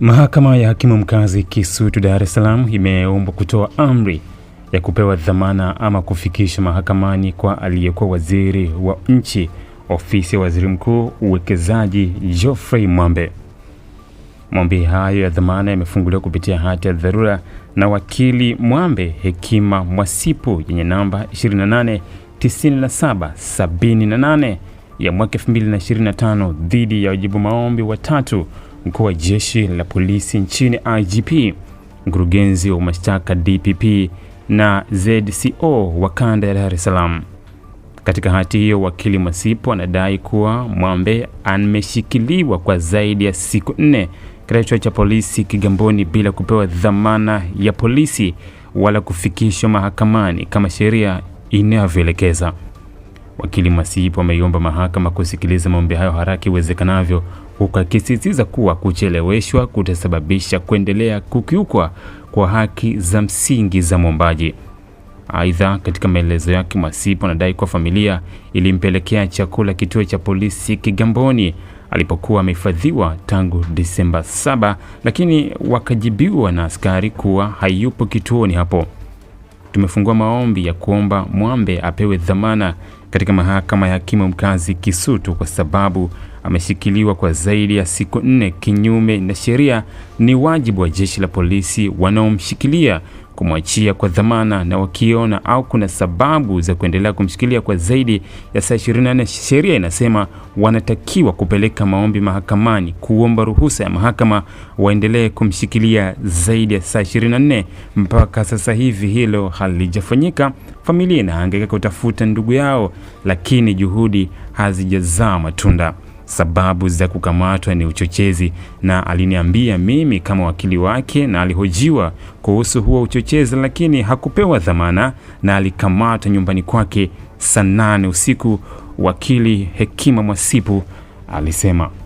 Mahakama ya Hakimu Mkazi Kisutu Dar es Salaam imeombwa kutoa amri ya kupewa dhamana ama kufikisha mahakamani kwa aliyekuwa waziri wa nchi ofisi ya Waziri Mkuu uwekezaji Geoffrey Mwambe. Maombi hayo ya dhamana yamefunguliwa kupitia hati ya dharura na wakili Mwambe Hekima Mwasipu yenye namba 289778 ya mwaka 2025 dhidi ya wajibu maombi watatu mkuu wa jeshi la polisi nchini IGP, mkurugenzi wa mashtaka DPP na ZCO wa kanda ya Dar es Salaam. Katika hati hiyo, wakili Masipo anadai kuwa Mwambe ameshikiliwa kwa zaidi ya siku nne katika kituo cha polisi Kigamboni bila kupewa dhamana ya polisi wala kufikishwa mahakamani kama sheria inavyoelekeza. Wakili Masipo ameiomba mahakama kusikiliza maombi hayo haraka iwezekanavyo ukakisisitiza kuwa kucheleweshwa kutasababisha kuendelea kukiukwa kwa haki za msingi za mwombaji. Aidha, katika maelezo yake, mwasipo anadai kuwa familia ilimpelekea chakula kituo cha polisi Kigamboni alipokuwa amehifadhiwa tangu Disemba 7, lakini wakajibiwa na askari kuwa hayupo kituoni hapo. Tumefungua maombi ya kuomba Mwambe apewe dhamana katika mahakama ya hakimu mkazi Kisutu kwa sababu ameshikiliwa kwa zaidi ya siku nne kinyume na sheria. Ni wajibu wa jeshi la polisi wanaomshikilia kumwachia kwa dhamana, na wakiona au kuna sababu za kuendelea kumshikilia kwa zaidi ya saa 24, sheria inasema wanatakiwa kupeleka maombi mahakamani kuomba ruhusa ya mahakama waendelee kumshikilia zaidi ya saa 24. Mpaka sasa hivi hilo halijafanyika. Familia inahangaika kutafuta ndugu yao, lakini juhudi hazijazaa matunda sababu za kukamatwa ni uchochezi, na aliniambia mimi kama wakili wake, na alihojiwa kuhusu huo uchochezi, lakini hakupewa dhamana na alikamatwa nyumbani kwake saa nane usiku, wakili Hekima Mwasipu alisema.